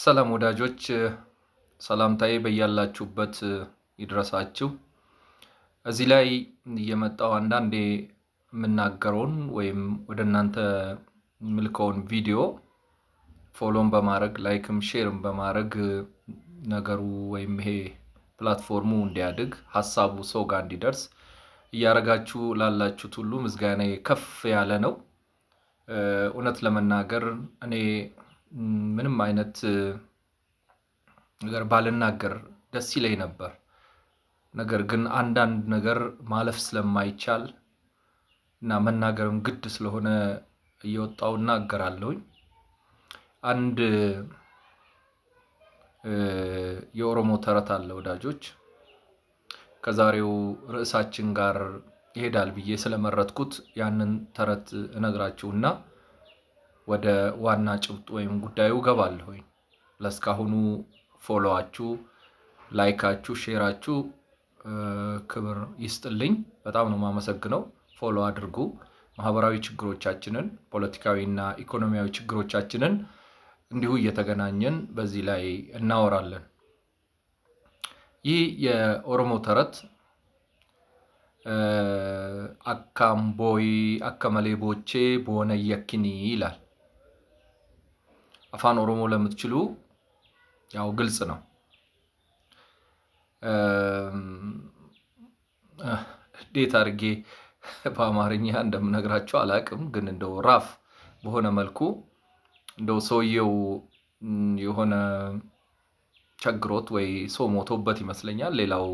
ሰላም ወዳጆች፣ ሰላምታዬ በያላችሁበት ይድረሳችሁ። እዚህ ላይ እየመጣው አንዳንዴ የምናገረውን ወይም ወደ እናንተ ምልከውን ቪዲዮ ፎሎም በማድረግ ላይክም ሼርም በማድረግ ነገሩ ወይም ይሄ ፕላትፎርሙ እንዲያድግ ሀሳቡ ሰው ጋር እንዲደርስ እያደረጋችሁ ላላችሁት ሁሉ ምስጋና ከፍ ያለ ነው። እውነት ለመናገር እኔ ምንም አይነት ነገር ባልናገር ደስ ይለኝ ነበር። ነገር ግን አንዳንድ ነገር ማለፍ ስለማይቻል እና መናገርም ግድ ስለሆነ እየወጣው እናገራለሁኝ። አንድ የኦሮሞ ተረት አለ ወዳጆች፣ ከዛሬው ርዕሳችን ጋር ይሄዳል ብዬ ስለመረጥኩት ያንን ተረት እነግራችሁና ወደ ዋና ጭብጥ ወይም ጉዳዩ ገባለሁኝ። ለእስካሁኑ ፎሎዋችሁ፣ ላይካችሁ፣ ሼራችሁ ክብር ይስጥልኝ። በጣም ነው የማመሰግነው። ፎሎ አድርጉ። ማህበራዊ ችግሮቻችንን፣ ፖለቲካዊና ኢኮኖሚያዊ ችግሮቻችንን እንዲሁ እየተገናኘን በዚህ ላይ እናወራለን። ይህ የኦሮሞ ተረት አካምቦይ አከመሌ ቦቼ በሆነ የኪኒ ይላል። አፋን ኦሮሞ ለምትችሉ ያው ግልጽ ነው። እንዴት አድርጌ በአማርኛ እንደምነግራቸው አላቅም፣ ግን እንደው ራፍ በሆነ መልኩ እንደው ሰውየው የሆነ ቸግሮት ወይ ሰው ሞቶበት ይመስለኛል። ሌላው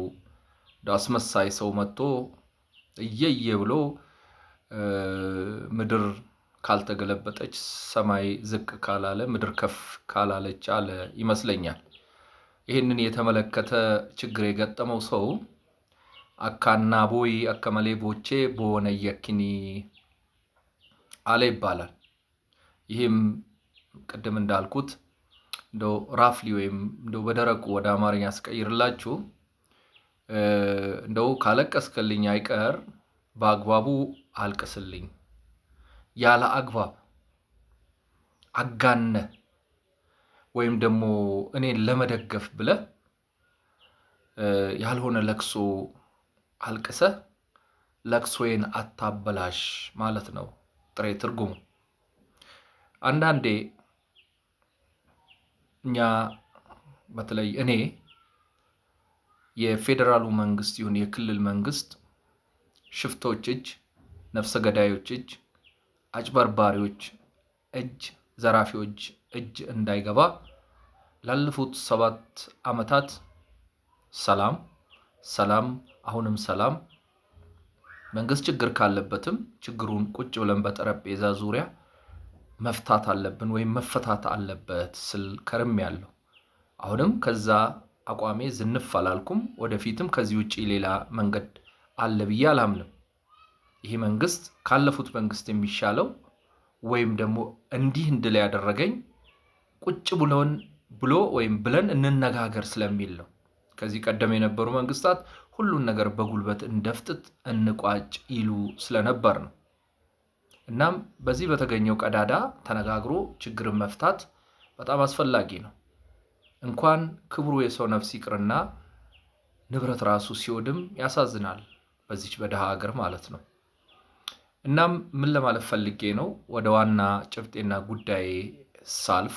አስመሳይ ሰው መጥቶ እየየ ብሎ ምድር ካልተገለበጠች ሰማይ ዝቅ ካላለ ምድር ከፍ ካላለች አለ ይመስለኛል። ይህንን የተመለከተ ችግር የገጠመው ሰው አካና ቦይ አከመሌ ቦቼ በሆነ የኪኒ አለ ይባላል። ይህም ቅድም እንዳልኩት እንደው ራፍሊ ወይም እንደው በደረቁ ወደ አማርኛ አስቀይርላችሁ እንደው ካለቀስክልኝ አይቀር በአግባቡ አልቅስልኝ ያለ አግባብ አጋነ ወይም ደግሞ እኔን ለመደገፍ ብለ ያልሆነ ለቅሶ አልቅሰ ለቅሶዬን አታበላሽ ማለት ነው ጥሬ ትርጉሙ። አንዳንዴ እኛ በተለይ እኔ የፌዴራሉ መንግስት ይሁን የክልል መንግስት ሽፍቶች እጅ፣ ነፍሰ ገዳዮች እጅ አጭበርባሪዎች እጅ፣ ዘራፊዎች እጅ እንዳይገባ ላለፉት ሰባት ዓመታት ሰላም ሰላም አሁንም ሰላም መንግስት ችግር ካለበትም ችግሩን ቁጭ ብለን በጠረጴዛ ዙሪያ መፍታት አለብን ወይም መፈታት አለበት ስል ከርም ያለው አሁንም ከዛ አቋሜ ዝንፍ አላልኩም። ወደፊትም ከዚህ ውጭ ሌላ መንገድ አለ ብዬ አላምንም። ይሄ መንግስት ካለፉት መንግስት የሚሻለው ወይም ደግሞ እንዲህ ላይ ያደረገኝ ቁጭ ብሎን ብሎ ወይም ብለን እንነጋገር ስለሚል ነው። ከዚህ ቀደም የነበሩ መንግስታት ሁሉን ነገር በጉልበት እንደፍጥጥ እንቋጭ ይሉ ስለነበር ነው። እናም በዚህ በተገኘው ቀዳዳ ተነጋግሮ ችግርን መፍታት በጣም አስፈላጊ ነው። እንኳን ክብሩ የሰው ነፍስ ይቅርና ንብረት ራሱ ሲወድም ያሳዝናል፣ በዚች በድሃ ሀገር ማለት ነው። እናም ምን ለማለት ፈልጌ ነው ወደ ዋና ጭብጤና ጉዳይ ሳልፍ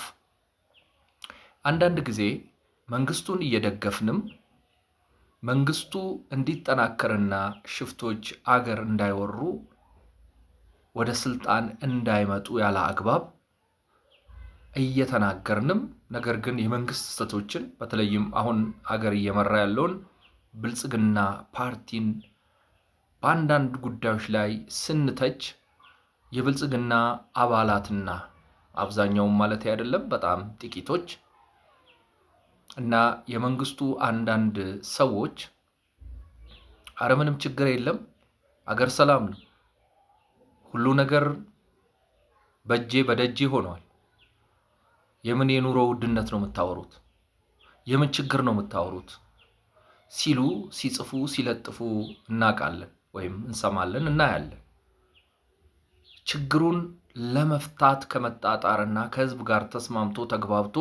አንዳንድ ጊዜ መንግስቱን እየደገፍንም መንግስቱ እንዲጠናከርና ሽፍቶች አገር እንዳይወሩ ወደ ስልጣን እንዳይመጡ ያለ አግባብ እየተናገርንም ነገር ግን የመንግስት ስህተቶችን በተለይም አሁን አገር እየመራ ያለውን ብልጽግና ፓርቲን በአንዳንድ ጉዳዮች ላይ ስንተች የብልጽግና አባላትና አብዛኛውን ማለት አይደለም በጣም ጥቂቶች እና የመንግስቱ አንዳንድ ሰዎች አረ ምንም ችግር የለም፣ አገር ሰላም ነው፣ ሁሉ ነገር በእጄ በደጄ ሆኗል። የምን የኑሮ ውድነት ነው የምታወሩት? የምን ችግር ነው የምታወሩት? ሲሉ ሲጽፉ ሲለጥፉ እናውቃለን። ወይም እንሰማለን፣ እናያለን። ችግሩን ለመፍታት ከመጣጣርና ከህዝብ ጋር ተስማምቶ ተግባብቶ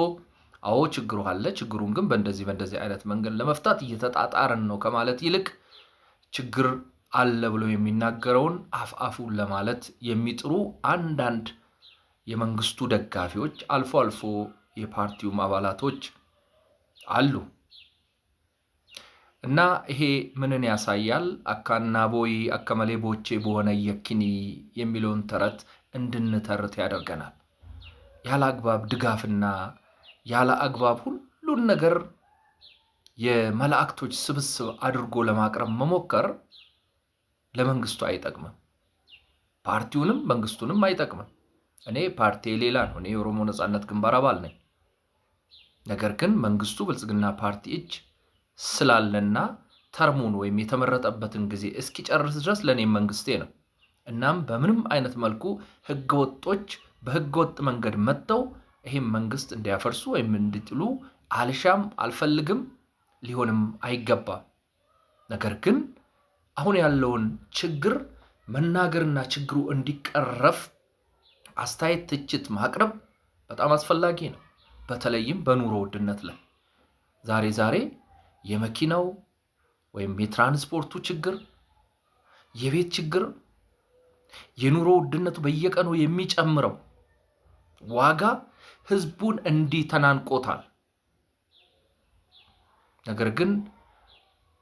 አዎ ችግሩ አለ፣ ችግሩን ግን በእንደዚህ በእንደዚህ አይነት መንገድ ለመፍታት እየተጣጣርን ነው ከማለት ይልቅ ችግር አለ ብሎ የሚናገረውን አፍአፉን ለማለት የሚጥሩ አንዳንድ የመንግስቱ ደጋፊዎች፣ አልፎ አልፎ የፓርቲውም አባላቶች አሉ። እና ይሄ ምንን ያሳያል? አካናቦይ አከመሌ ቦቼ በሆነ የኪኒ የሚለውን ተረት እንድንተርት ያደርገናል። ያለ አግባብ ድጋፍና ያለ አግባብ ሁሉን ነገር የመላእክቶች ስብስብ አድርጎ ለማቅረብ መሞከር ለመንግስቱ አይጠቅምም። ፓርቲውንም መንግስቱንም አይጠቅምም። እኔ ፓርቲ ሌላ ነው። እኔ የኦሮሞ ነፃነት ግንባር አባል ነኝ። ነገር ግን መንግስቱ ብልጽግና ፓርቲ እጅ ስላለና ተርሙን ወይም የተመረጠበትን ጊዜ እስኪጨርስ ድረስ ለእኔ መንግስቴ ነው። እናም በምንም አይነት መልኩ ህገ ወጦች በህገ ወጥ መንገድ መጥተው ይህም መንግስት እንዲያፈርሱ ወይም እንዲጥሉ አልሻም፣ አልፈልግም፣ ሊሆንም አይገባም። ነገር ግን አሁን ያለውን ችግር መናገርና ችግሩ እንዲቀረፍ አስተያየት፣ ትችት ማቅረብ በጣም አስፈላጊ ነው። በተለይም በኑሮ ውድነት ላይ ዛሬ ዛሬ የመኪናው ወይም የትራንስፖርቱ ችግር፣ የቤት ችግር፣ የኑሮ ውድነቱ በየቀኑ የሚጨምረው ዋጋ ህዝቡን እንዲህ ተናንቆታል። ነገር ግን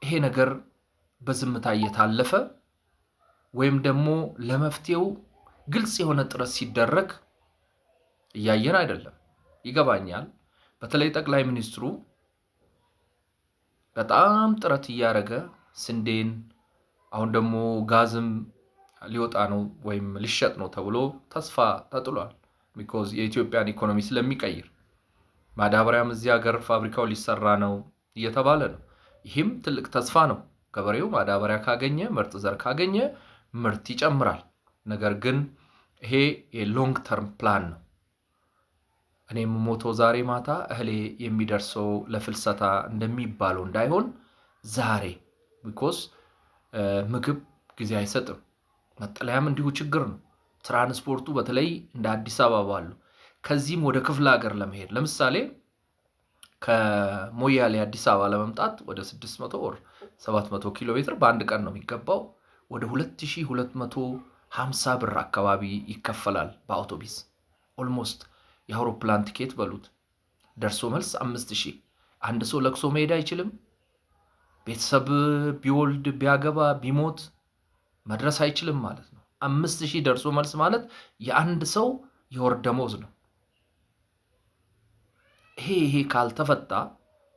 ይሄ ነገር በዝምታ እየታለፈ ወይም ደግሞ ለመፍትሄው ግልጽ የሆነ ጥረት ሲደረግ እያየን አይደለም። ይገባኛል። በተለይ ጠቅላይ ሚኒስትሩ በጣም ጥረት እያደረገ ስንዴን አሁን ደግሞ ጋዝም ሊወጣ ነው ወይም ሊሸጥ ነው ተብሎ ተስፋ ተጥሏል። ቢኮዝ የኢትዮጵያን ኢኮኖሚ ስለሚቀይር ማዳበሪያም እዚህ ሀገር ፋብሪካው ሊሰራ ነው እየተባለ ነው። ይህም ትልቅ ተስፋ ነው። ገበሬው ማዳበሪያ ካገኘ፣ ምርጥ ዘር ካገኘ ምርት ይጨምራል። ነገር ግን ይሄ የሎንግ ተርም ፕላን ነው። እኔም ሞቶ ዛሬ ማታ እህሌ የሚደርሰው ለፍልሰታ እንደሚባለው እንዳይሆን ዛሬ ቢኮስ ምግብ ጊዜ አይሰጥም። መጠለያም እንዲሁ ችግር ነው። ትራንስፖርቱ በተለይ እንደ አዲስ አበባ አሉ። ከዚህም ወደ ክፍለ ሀገር ለመሄድ ለምሳሌ ከሞያሌ አዲስ አበባ ለመምጣት ወደ 600 ወር 700 ኪሎ ሜትር በአንድ ቀን ነው የሚገባው። ወደ 2250 ብር አካባቢ ይከፈላል በአውቶቢስ ኦልሞስት የአውሮፕላን ትኬት በሉት ደርሶ መልስ አምስት ሺህ አንድ ሰው ለቅሶ መሄድ አይችልም። ቤተሰብ ቢወልድ ቢያገባ ቢሞት መድረስ አይችልም ማለት ነው። አምስት ሺህ ደርሶ መልስ ማለት የአንድ ሰው የወር ደመወዝ ነው። ይሄ ይሄ ካልተፈታ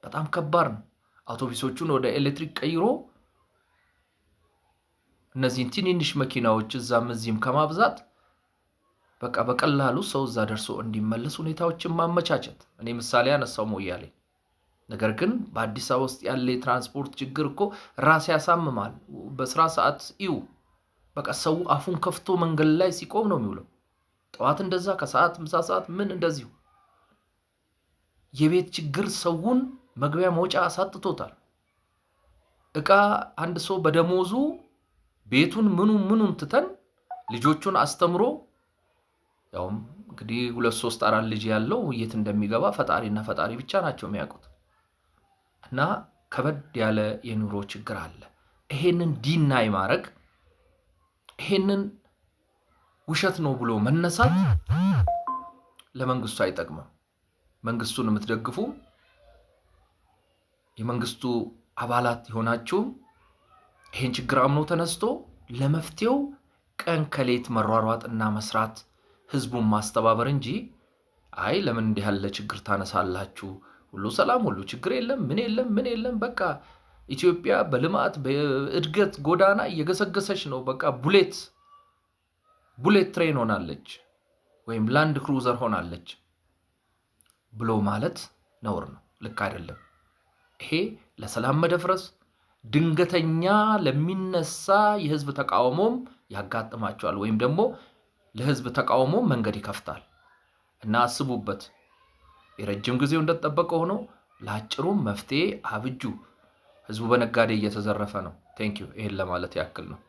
በጣም ከባድ ነው። አውቶቡሶቹን ወደ ኤሌክትሪክ ቀይሮ እነዚህን ትንንሽ መኪናዎች እዛም እዚህም ከማብዛት በቃ በቀላሉ ሰው እዛ ደርሶ እንዲመለስ ሁኔታዎችን ማመቻቸት። እኔ ምሳሌ አነሳው ሞያሌ። ነገር ግን በአዲስ አበባ ውስጥ ያለ የትራንስፖርት ችግር እኮ ራስ ያሳምማል። በስራ ሰዓት ይው በቃ ሰው አፉን ከፍቶ መንገድ ላይ ሲቆም ነው የሚውለው። ጠዋት እንደዛ፣ ከሰዓት ምሳ ሰዓት ምን እንደዚሁ። የቤት ችግር ሰውን መግቢያ መውጫ አሳጥቶታል። እቃ አንድ ሰው በደሞዙ ቤቱን ምኑ ምኑን ትተን ልጆቹን አስተምሮ ያውም እንግዲህ ሁለት ሶስት አራት ልጅ ያለው የት እንደሚገባ ፈጣሪና ፈጣሪ ብቻ ናቸው የሚያውቁት። እና ከበድ ያለ የኑሮ ችግር አለ። ይሄንን ዲናይ ማድረግ ይሄንን ውሸት ነው ብሎ መነሳት ለመንግስቱ አይጠቅምም። መንግስቱን የምትደግፉ የመንግስቱ አባላት የሆናችሁ ይሄን ችግር አምኖ ተነስቶ ለመፍትሄው ቀን ከሌት መሯሯጥና መስራት ህዝቡን ማስተባበር እንጂ አይ ለምን እንዲህ ያለ ችግር ታነሳላችሁ? ሁሉ ሰላም፣ ሁሉ ችግር የለም ምን የለም ምን የለም በቃ ኢትዮጵያ በልማት በእድገት ጎዳና እየገሰገሰች ነው። በቃ ቡሌት ቡሌት ትሬን ሆናለች ወይም ላንድ ክሩዘር ሆናለች ብሎ ማለት ነውር ነው፣ ልክ አይደለም። ይሄ ለሰላም መደፍረስ ድንገተኛ ለሚነሳ የህዝብ ተቃውሞም ያጋጥማቸዋል ወይም ደግሞ ለህዝብ ተቃውሞ መንገድ ይከፍታል እና አስቡበት። የረጅም ጊዜው እንደተጠበቀ ሆኖ ለአጭሩም መፍትሄ አብጁ። ህዝቡ በነጋዴ እየተዘረፈ ነው። ቴንክ ዩ። ይህን ለማለት ያክል ነው።